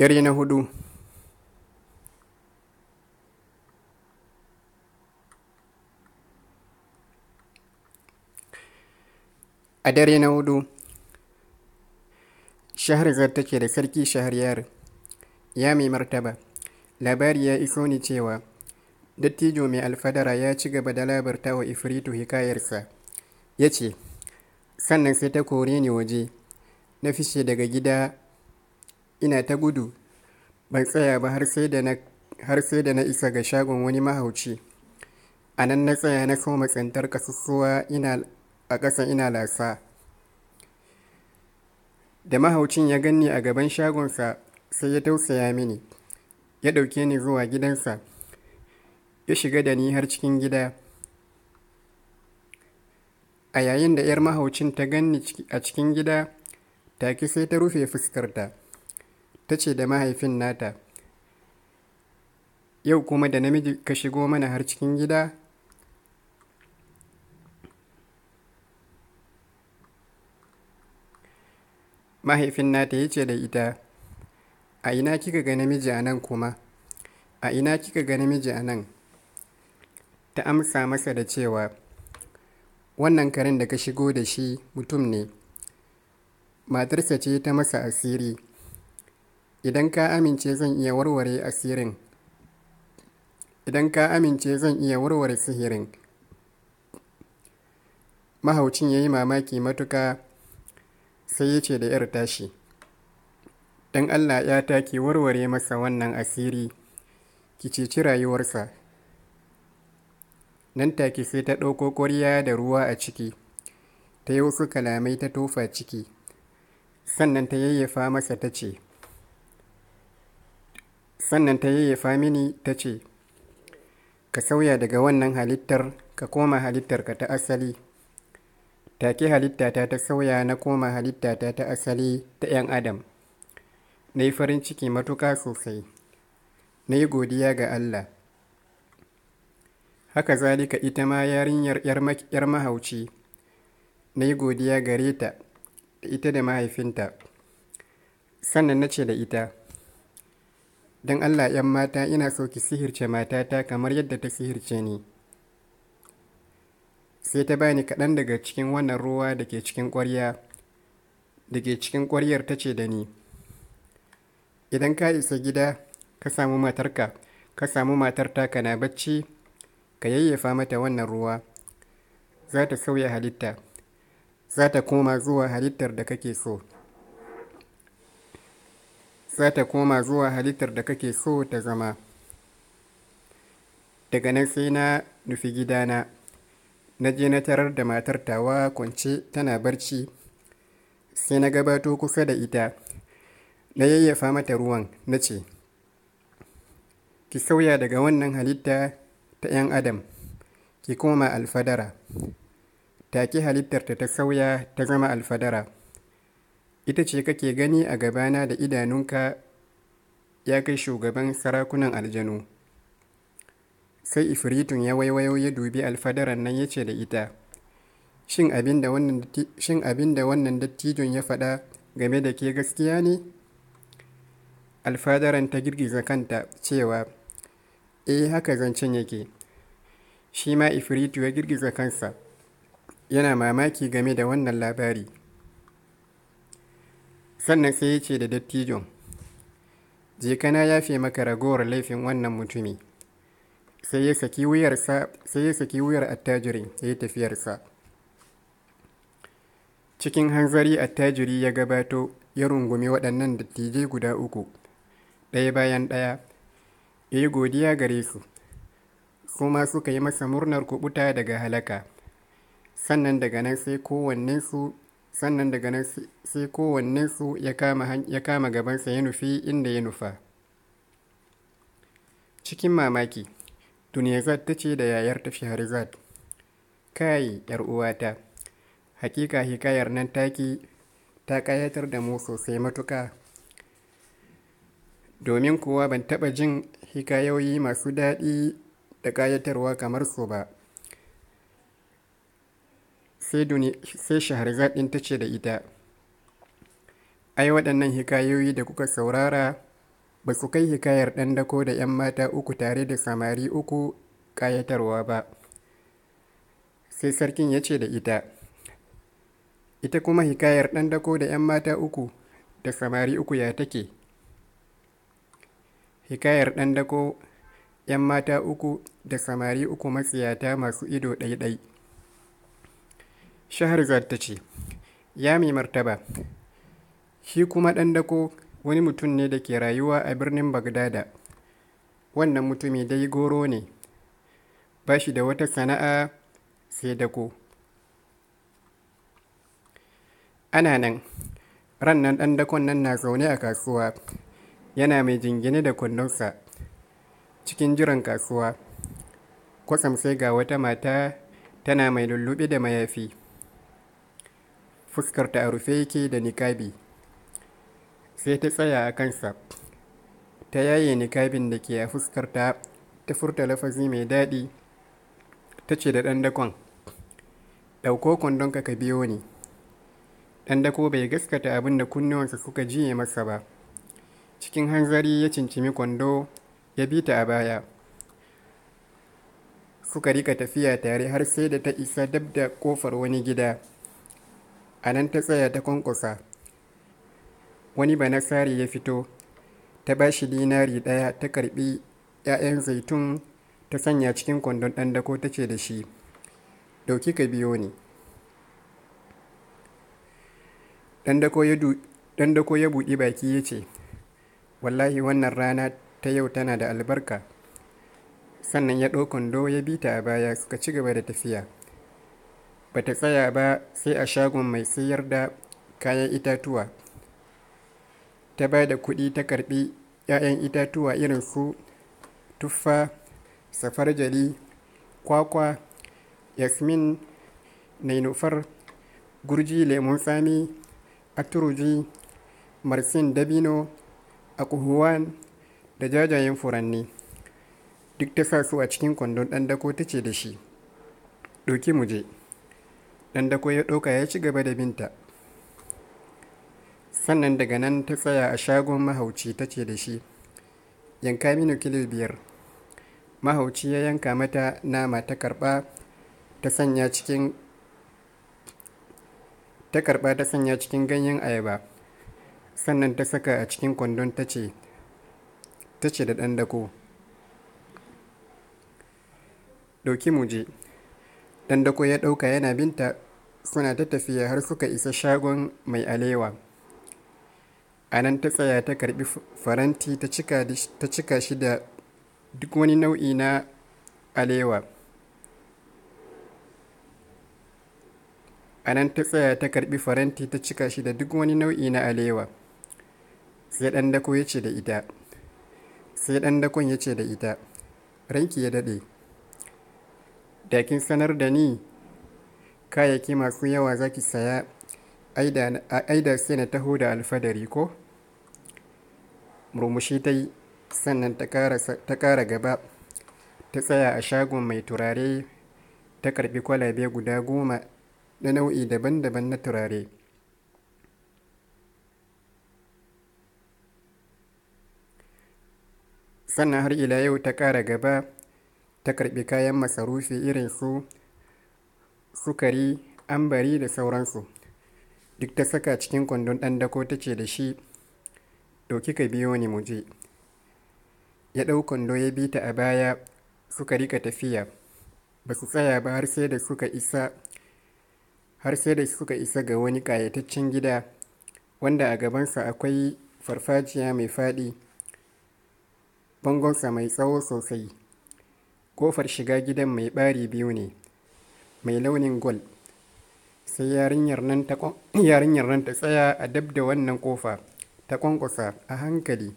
Dare na hudu A dare na hudu, Shahrigar take da sarki Shahriyar, ya mai martaba, labari ya iko ni cewa, dattijo mai alfadara ya ci gaba da labarta wa Ifritu hikayarsa, ya ce, sannan sai ta kore ni waje, na fice daga gida ina ta gudu ban tsaya ba har sai da na isa ga shagon wani mahauci a nan na tsaya na soma tsintar kasussuwa a ƙasa ina lasa da mahaucin ya ganni a gaban shagonsa sai ya tausaya mini ya ɗauke ni zuwa gidansa ya shiga da ni har cikin gida a yayin da 'yar mahaucin ta ganni a cikin gida take sai ta rufe fuskarta ta ce da mahaifin nata yau kuma da namiji ka shigo mana har cikin gida mahaifin nata ya ce da ita a ina kika ga namiji a nan kuma a ina kika ga namiji a nan ta amsa masa da cewa wannan karen da ka shigo da shi mutum ne matarsa ce ta masa asiri Idan ka amince zan iya warware asirin. Idan ka amince zan iya warware sihirin. Mahaucin ya yi mamaki matuka sai ya ce da ‘yar tashi, don Allah ya take warware masa wannan asiri, ki ceci rayuwarsa. Nan take sai ta ɗauko ƙwarya da ruwa a ciki, ta yi wasu kalamai ta tofa ciki, sannan ta yayyafa masa ta ce, sannan ta yayyafa mini ta ce ka sauya daga wannan halittar ka koma halittarka ta asali take halittata ta sauya na koma halittata ta asali ta 'yan adam na yi farin ciki matuƙa sosai na yi godiya ga allah haka zalika ita ma yarinyar 'yar mahauci na yi godiya gare ta da ita da mahaifinta sannan na ce da ita don Allah ‘yan mata ina so ki sihirce matata kamar yadda ta sihirce ni. Sai ta bani kaɗan daga cikin wannan ruwa da ke cikin ƙwarya, da ke cikin ƙwaryar ta ce da ni. Idan ka isa gida, ka samu matarka, ka samu matar taka na bacci, ka yayyafa mata wannan ruwa. Za ta sauya halitta, za ta koma zuwa halittar da kake so. za ta koma zuwa halittar da kake so ta zama daga nan sai na nufi gidana na je na tarar da matar tawa kwance tana barci sai na gabato kusa da ita na yayyafa mata ruwan na ce ki sauya daga wannan halitta ta 'yan adam ki koma alfadara take halittarta ta sauya ta zama alfadara ita ce kake gani a gabana da idanunka ya kai shugaban sarakunan aljanu sai ifiritun ya waiwayo ya dubi alfadaran nan ya ce da ita shin abin da wannan dattijon ya faɗa game da ke gaskiya ne alfadaran ta girgiza kanta cewa E, haka zancen yake shi ma ifiritu ya girgiza kansa yana mamaki game da wannan labari sannan sai ya ce da dattijon je na yafe maka ragowar laifin wannan mutumi sai ya saki wuyar attajirin ya yi tafiyarsa cikin hanzari attajiri ya gabato ya rungumi waɗannan dattijai guda uku ɗaya bayan ɗaya ya yi godiya gare su kuma suka yi masa murnar kubuta daga halaka sannan daga nan sai kowannensu sannan daga nan sai kowannensu ya kama gabansa ya nufi inda ya nufa cikin mamaki duniyazat ta ce da yayar ta shahrazad kai yar uwata hakika hikayar nan taki ta kayatar da mu sosai matuka domin kowa ban taɓa jin hikayoyi masu daɗi da kayatarwa kamar su ba sai shahrazad ɗin ta ce da ita ai waɗannan hikayoyi da kuka saurara ba su kai hikayar ɗan dako da 'yan mata uku tare da samari uku ƙayatarwa ba sai sarkin ya ce da ita ita kuma hikayar ɗan dako da 'yan mata uku da samari uku ya take hikayar ɗan dako 'yan mata uku da samari uku matsiyata masu ido ɗaiɗai Shahrazad ta ce, Ya mai martaba, shi kuma ɗan dako wani mutum ne da ke rayuwa a birnin Bagdada, wannan mutumi dai goro ne, ba shi da wata sana'a sai dako. Ana nan, rannan ɗan dakon nan na zaune a kasuwa, yana mai jingine da kundinsa cikin jiran kasuwa, kwasam sai ga wata mata tana mai lullube da mayafi. fuskarta a rufe yake da nikabi sai ta tsaya a kansa ta yaye nikabin da ke a fuskarta ta furta lafazi mai daɗi ta ce da ɗandakon ɗauko kwandonka ka biyo ni ɗandako bai gaskata abin da kunnuwansa suka jiye masa ba cikin hanzari ya cincimi kwando ya bi ta a baya suka rika tafiya tare har sai da ta isa dab da kofar wani gida a nan ta tsaya ta kwankwasa wani banasari ya fito ta ba shi dinari ɗaya ta karbi 'ya'yan zaitun ta sanya cikin kwandon ɗan dako ta ce da shi ɗauki ka biyo ni ɗan dako ya buɗi baki ya ce wallahi wannan rana ta yau tana da albarka sannan ya ɗau kwando ya bi ta a baya suka ci gaba da tafiya ba ta tsaya ba sai a shagon mai sayar da kayan itatuwa ta ba da kuɗi ta karɓi 'ya'yan itatuwa irin su tuffa safarjali kwakwa yasmin nainufar gurji lemun tsami aturuji marsin dabino akuhuwan da jajayen furanni duk ta sa su a cikin kwandon ɗan dako ta ce da shi ɗauki mu je da ya ɗauka ya ci gaba da binta. Sannan daga nan ta tsaya a shagon mahauci ta ce da shi, yanka mini kilo biyar. Mahauci ya yanka mata nama ta karɓa ta sanya cikin ta karɓa ta sanya cikin ganyen ayaba sannan ta saka a cikin kwandon ta ce ta ce da ɗan dako ɗauki mu je Dandako ya ɗauka yana binta suna ta tafiya har suka isa shagon mai alewa. A nan ta tsaya ta karbi faranti ta cika shi da duk wani nau'i na alewa. A nan ta tsaya ta karbi faranti ta cika shi da duk wani nau'i na alewa. Sai ɗan dako ya ce da ita. Sai ɗan dakon ya ce da ita, ranki ya daɗe, Da kin sanar da ni kayayyaki masu yawa za ki saya, a aida sai na taho da alfadari ko? Murmushi ta yi, sannan ta ƙara gaba, ta tsaya a shagon mai turare, ta karbi kwalabe guda goma na nau'i daban-daban na turare. Sannan har ila yau ta ƙara gaba. ta karɓi kayan masarufi irin su sukari ambari da sauransu duk ta saka cikin kwandon ɗan dako ta ce da shi ɗauki ka biyo ni muje ya ɗau kwando ya bi ta a baya suka rika tafiya ba su tsaya ba har sai da suka isa har sai da suka isa ga wani ƙayataccen gida wanda a gabansa akwai farfajiya mai faɗi bangonsa mai tsawo sosai Ƙofar shiga gidan mai ɓari biyu ne, mai launin gwal. Sai yarinyar nan ta tsaya a dab da wannan ƙofa, ta ƙwanƙwasa a hankali.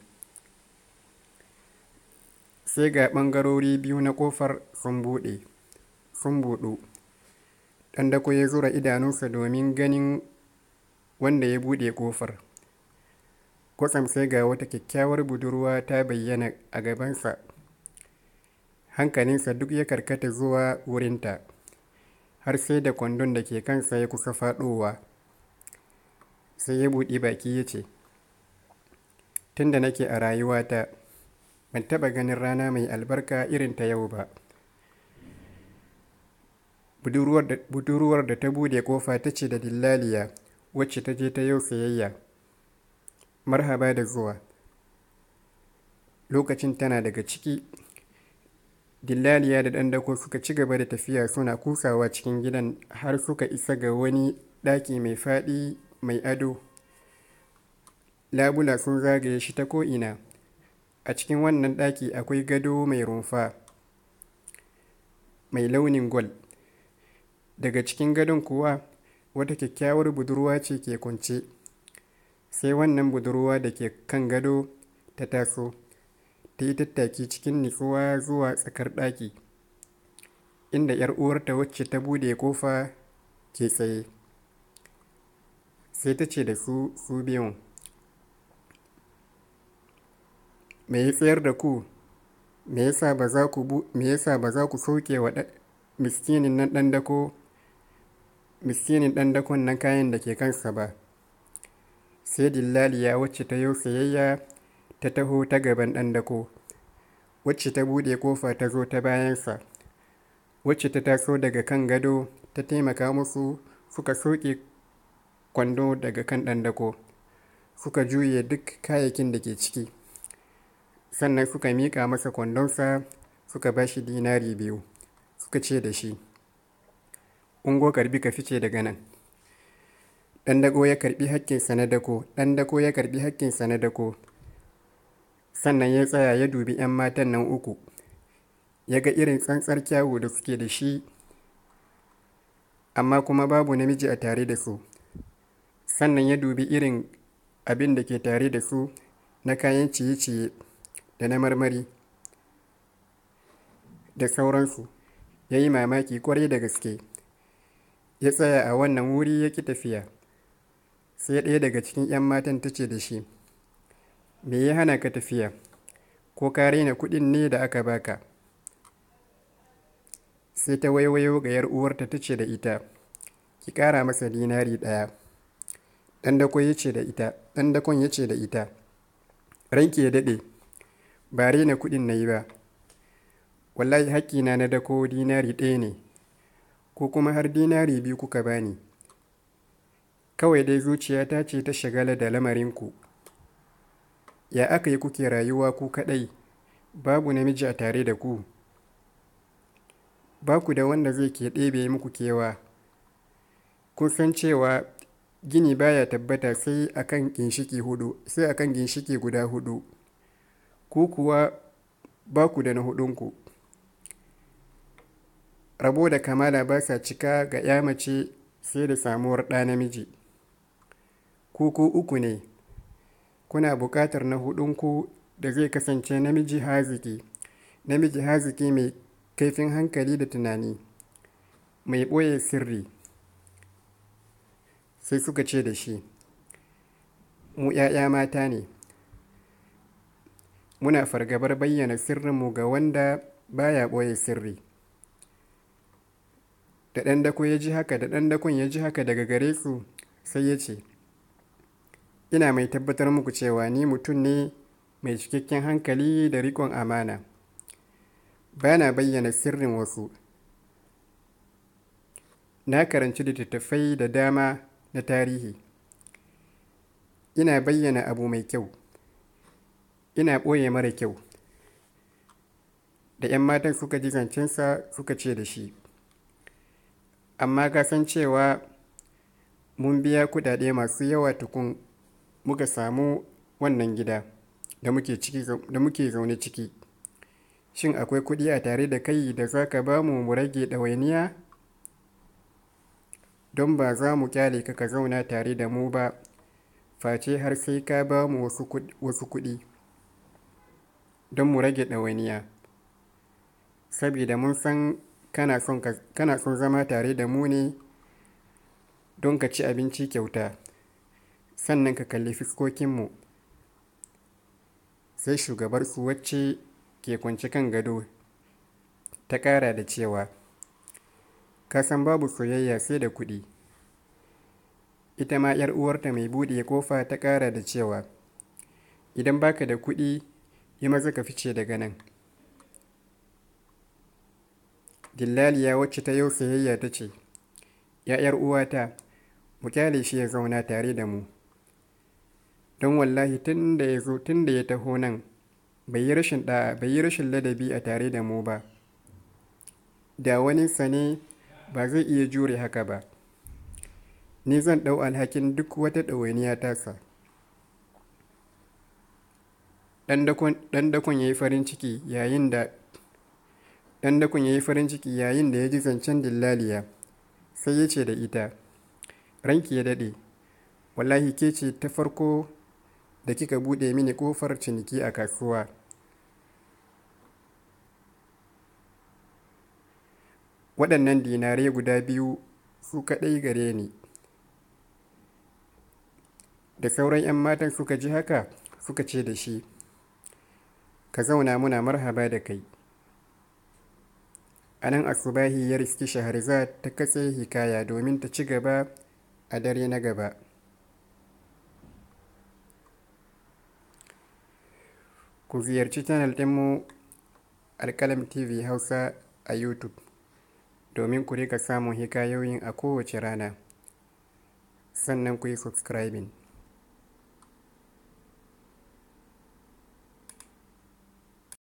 Sai ga ɓangarori biyu na ƙofar sun buɗe, sun buɗu. Ɗan dako ya zura idanunsa domin ganin wanda ya bude ƙofar. Kwatsam sai ga wata kyakkyawar budurwa ta bayyana a gabansa. hankalinsa duk ya karkata zuwa wurinta har sai da kwandon da ke kansa ya kusa faɗowa sai ya buɗe baki ya ce tun da nake a rayuwata ban taɓa ganin rana mai albarka irin ta yau ba budurwar da ta bude ƙofa ta ce da dillaliya wacce ta je ta yau sayayya marhaba da zuwa lokacin tana daga ciki dillaliya da ɗan dako suka ci gaba da tafiya suna kusawa cikin gidan har suka isa ga wani ɗaki mai faɗi mai ado labula sun zagaye shi ta ko'ina a cikin wannan ɗaki akwai gado mai rumfa mai launin gwal daga cikin gadon kuwa wata kyakkyawar budurwa ce ke kunce sai wannan budurwa da ke kan gado ta taso ta yi tattaki cikin nutsuwa zuwa tsakar ɗaki inda 'yar uwarta wacce ta bude kofa ke tsaye sai ta ce da su su biyun me ya tsayar da ku me yasa sa ku ba za ku soke wa miskinin nan ɗan dako miskinin ɗan dakon nan kayan da ke kansa ba sai dillaliya wacce ta yau sayayya ta taho ta gaban ɗan dako wacce ta buɗe ƙofa ta zo ta bayansa wacce ta taso daga kan gado ta taimaka musu suka soke kwando daga kan ɗan dako suka juye duk kayayyakin da ke ciki sannan suka miƙa masa kwandonsa suka ba shi dinari biyu suka ce da shi ungo karbi ka fice daga nan ɗan dako ya karbi haƙƙinsa ɗan dako ya karbi hakkinsa na dako sannan ya tsaya ya dubi 'yan matan nan uku ya ga irin tsantsar kyawu da suke da shi amma kuma babu namiji a tare da su sannan ya dubi irin abin da ke tare da su na kayan ciye-ciye da na marmari da sauransu ya yi mamaki kwarai da gaske ya tsaya a wannan wuri ya ki tafiya sai ɗaya daga cikin 'yan matan ta ce da shi Me ya hana ka tafiya? Ko ka raina kuɗin ne da aka baka? Sai ta waiwayo ga ‘yar uwarta ta ce da ita, Ki ƙara masa dinari ɗaya. Ɗan dakon ya ce da ita, Ran ke ya daɗe, ba raina kuɗin na yi ba. Wallahi haƙƙina na dako dinari ɗaya ne, ko kuma har dinari biyu kuka bani. Kawai dai zuciyata ce ta shagala da lamarinku. Ya aka yi kuke rayuwa ku kaɗai, babu namiji a tare da ku, ba ku da wanda zai ke ɗebe muku kewa, kun san cewa gini baya tabbata sai akan ginshiki hudu, sai akan ginshiki guda hudu, ku kuwa ba ku da na hudunku. Rabo da kamala ba sa cika ga ya mace sai da samuwar ɗa namiji, Kuku uku ne. kuna buƙatar na ku da zai kasance namiji haziki namiji haziki mai kaifin hankali da tunani mai ɓoye sirri sai suka ce da shi mu ‘ya'ya mata ne muna fargabar bayyana sirrinmu ga wanda baya ɓoye sirri da ɗan dako ya ji haka da ɗan dakon ya ji haka daga gare su sai ya ce ina mai tabbatar muku cewa ni mutum ne mai cikakken hankali da rikon amana ba na bayyana sirrin wasu na karanci littattafai da dama na tarihi ina bayyana abu mai kyau ina ɓoye mara kyau da 'yan matan suka ji zancensa suka ce da shi amma ka san cewa mun biya kudade masu yawa tukun muka samu wannan gida da muke zaune ciki. Shin akwai kuɗi a tare da kai da za ka ba mu mu rage ɗawainiya? Don ba za mu ƙyale ka zauna tare da mu ba, face har sai ka ba mu wasu kuɗi don mu rage ɗawainiya. Sabida mun san kana son zama tare da mu ne don ka ci abinci kyauta. sannan ka kalli fuskokinmu sai su wacce ke kwanci kan gado ta ƙara da cewa kasan babu soyayya sai da kuɗi ita ma 'yar uwarta mai buɗe kofa ta ƙara da cewa idan baka da kuɗi yi maza ka fice daga nan dillaliya wacce ta yau soyayya ta ce ‘ya'yar uwata mu kyale shi ya zauna tare da mu don wallahi tun da ya zo tun ya taho nan bai yi rashin ladabi a tare da mu ba da wani sane ba zai iya jure haka ba ni zan ɗau alhakin duk wata ɗawainiya tasa ɗan dakon da ya yi farin ciki yayin da ya ji zancen dillaliya sai ya ce da ita ranki ya daɗe wallahi ke ce ta farko da kika buɗe mini ƙofar ciniki a kasuwa. Waɗannan dinare guda biyu su kaɗai gare ni. Da sauran 'yan matan suka ji haka suka ce da shi, Ka zauna muna marhaba da kai. A nan asubahi ya riski Shahrazad ta katse hikaya domin ta ci gaba a dare na gaba. Ku ziyarci channel ɗinmu alkalam TV Hausa a YouTube domin ku rika samun hikayoyin a kowace rana. Sannan ku yi subscribing.